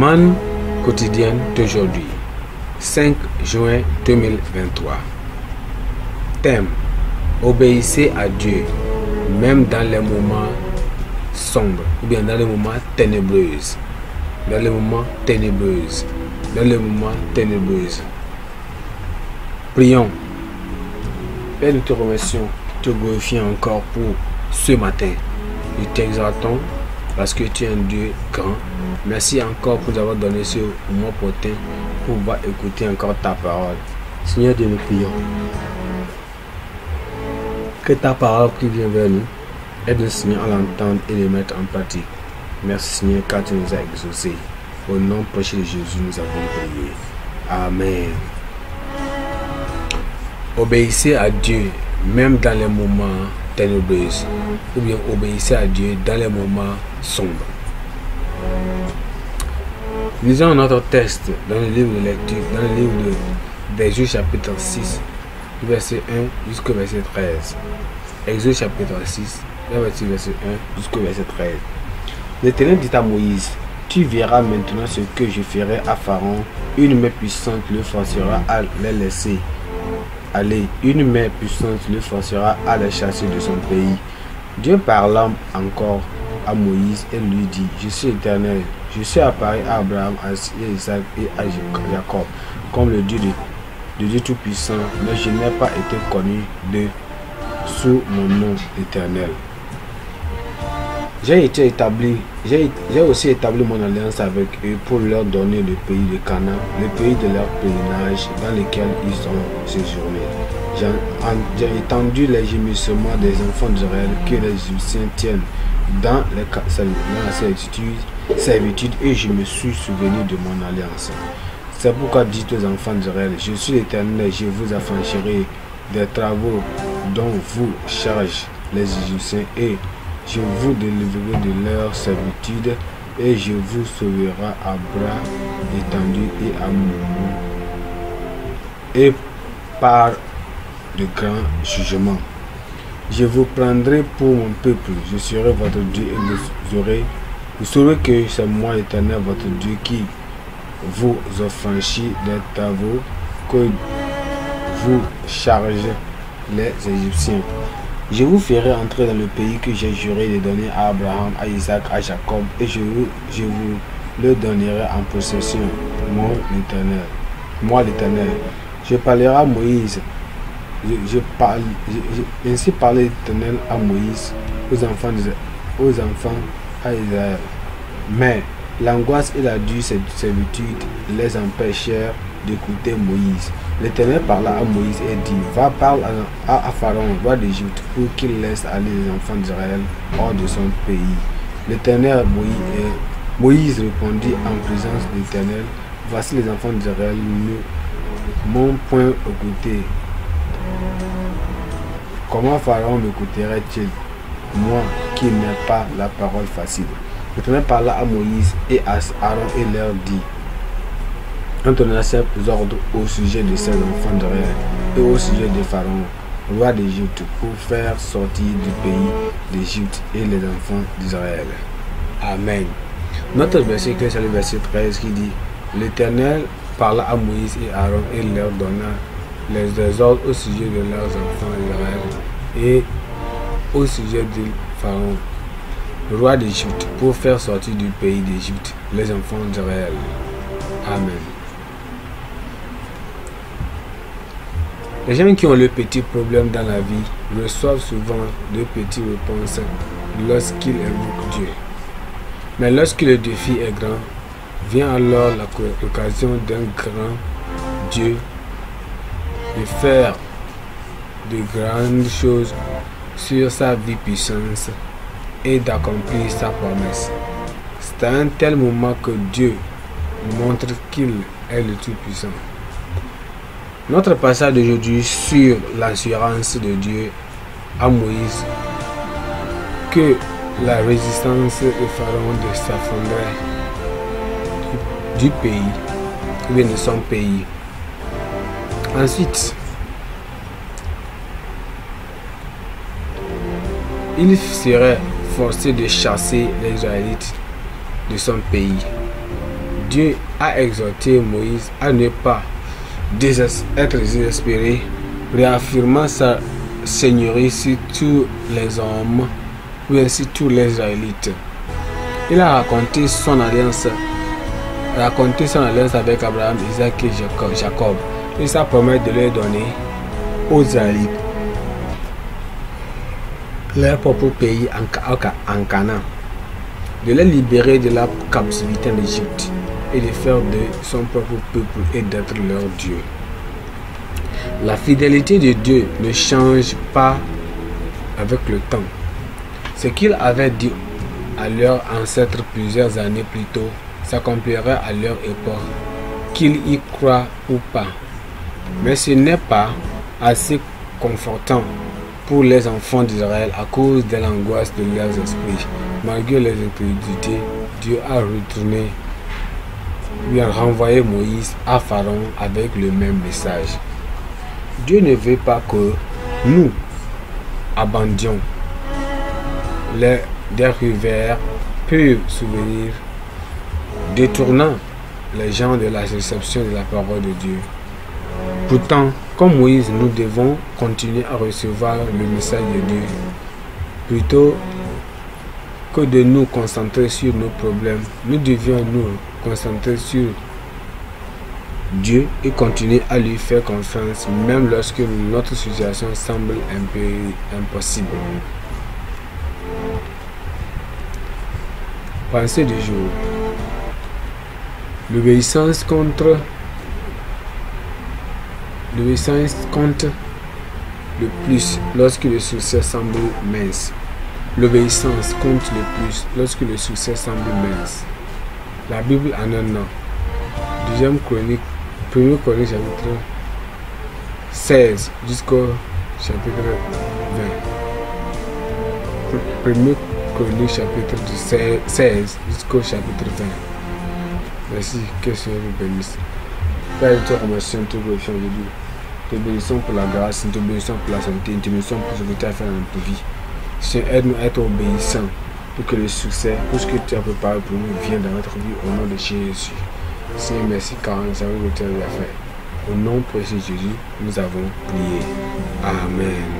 Man quotidienne d'aujourd'hui, 5 juin 2023. Thème Obéissez à Dieu, même dans les moments sombres, ou bien dans les moments ténébreuses. Dans les moments ténébreuses. Dans les moments ténébreux Prions. Père, nous te remercions, te glorifions encore pour ce matin. Nous t'exaltons parce que tu es un Dieu grand Merci encore pour nous avoir donné ce moment porté pour pouvoir écouter encore ta parole. Seigneur Dieu, nous prions. Que ta parole qui vient vers nous aide le Seigneur à l'entendre et le mettre en pratique. Merci Seigneur car tu nous as exaucés. Au nom prochain de Jésus, nous avons prié. Amen. Obéissez à Dieu même dans les moments ténébreux ou bien obéissez à Dieu dans les moments sombres. Lisons notre texte dans le livre de lecture, dans le livre de, chapitre 6, verset 1 jusqu'au verset 13. Exode chapitre 6, verset 1 jusqu'au verset 13. L'Éternel dit à Moïse, tu verras maintenant ce que je ferai à Pharaon. Une main puissante le forcera à les laisser aller. Une main puissante le forcera à les chasser de son pays. Dieu parlant encore à Moïse et lui dit, Je suis éternel, je suis apparu à Abraham, à Isaac et à Jacob, comme le Dieu, de, Dieu Tout-Puissant, mais je n'ai pas été connu de sous mon nom éternel. J'ai été établi, j'ai aussi établi mon alliance avec eux pour leur donner le pays de Canaan, le pays de leur pèlerinage dans lequel ils ont séjourné. J'ai étendu les gémissements des enfants d'Israël que les Égyptiens tiennent dans, les, la servitude, et je me suis souvenu de mon alliance. C'est pourquoi dites aux enfants d'Israël, je suis l'Éternel, je vous affranchirai des travaux dont vous chargent les Égyptiens et je vous délivrerai de leur servitude et je vous sauverai à bras étendus et à et par de grand jugements. Je vous prendrai pour mon peuple, je serai votre Dieu et vous aurez, vous saurez que c'est moi l'éternel votre Dieu qui vous franchi des travaux que vous chargez les Égyptiens. Je vous ferai entrer dans le pays que j'ai juré de donner à Abraham, à Isaac, à Jacob, et je vous, je vous le donnerai en possession, moi l'éternel. Moi l'éternel. Je parlerai à Moïse je, parle, ainsi parlait l'Éternel à Moïse, aux enfants, aux enfants à Israël. Mais l'angoisse et la dure servitude les empêchèrent d'écouter Moïse. L'Éternel parla à Moïse et dit, va parle à, à Pharaon, roi d'Égypte, pour qu'il laisse aller les enfants d'Israël hors de son pays. L'Éternel Moïse, Moïse répondit en présence de l'Éternel, voici les enfants d'Israël ne mon point côté Comment Pharaon m'écouterait-il, moi qui n'ai pas la parole facile L'Éternel parla à Moïse et à Aaron et leur dit On donna ses ordres au sujet de ses enfants de réel et au sujet de Pharaon, roi d'Égypte, pour faire sortir du pays d'Égypte et les enfants d'Israël. Amen. Notre verset c'est le verset 13 qui dit L'Éternel parla à Moïse et Aaron et leur donna les désordres au sujet de leurs enfants et au sujet de Pharaon, roi d'Égypte, pour faire sortir du pays d'Égypte les enfants d'Israël. Amen. Les gens qui ont le petit problème dans la vie reçoivent souvent de petites réponses lorsqu'ils invoquent Dieu. Mais lorsque le défi est grand, vient alors l'occasion d'un grand Dieu de faire de grandes choses sur sa vie puissance et d'accomplir sa promesse. C'est un tel moment que Dieu montre qu'il est le Tout-Puissant. Notre passage d'aujourd'hui sur l'assurance de Dieu à Moïse que la résistance de Pharaon de fondée du pays, de son pays. Ensuite, il serait forcé de chasser les Israélites de son pays. Dieu a exhorté Moïse à ne pas être désespéré, réaffirmant sa seigneurie sur tous les hommes, ou ainsi tous les Israélites. Il a raconté son alliance, raconté son alliance avec Abraham, Isaac et Jacob et ça permet de leur donner aux Israélites leur propre pays en, Canaan, de les libérer de la captivité en Égypte et de faire de son propre peuple et d'être leur Dieu. La fidélité de Dieu ne change pas avec le temps. Ce qu'il avait dit à leurs ancêtres plusieurs années plus tôt s'accomplirait à leur époque, qu'ils y croient ou pas mais ce n'est pas assez confortant pour les enfants d'Israël à cause de l'angoisse de leurs esprits. Malgré les incrédulités, Dieu a retourné, lui a renvoyé Moïse à Pharaon avec le même message. Dieu ne veut pas que nous abandonnions les des rivières souvenir souvenirs, détournant les gens de la réception de la parole de Dieu. Pourtant, comme Moïse, nous devons continuer à recevoir le message de Dieu. Plutôt que de nous concentrer sur nos problèmes, nous devions nous concentrer sur Dieu et continuer à lui faire confiance même lorsque notre situation semble un peu impossible. Pensez du jour. L'obéissance contre L'obéissance compte le plus lorsque le succès semble mince. L'obéissance compte le plus lorsque le succès semble mince. La Bible en un an. Deuxième chronique, 1er chronique chapitre 16 jusqu'au chapitre 20. 1er chronique chapitre 16 jusqu'au chapitre 20. Merci, que Seigneur vous bénisse. Père, nous te remercions pour le chant de Te bénissons pour la grâce, nous te bénissons pour la santé, nous te bénissons pour ce que tu as fait dans notre vie. Seigneur, aide-nous à être obéissants pour que le succès, tout ce que tu as préparé pour nous, vienne dans notre vie au nom de Jésus. Seigneur, merci car nous avons le tu as fait. Au nom précieux de Jésus, nous avons prié. Amen.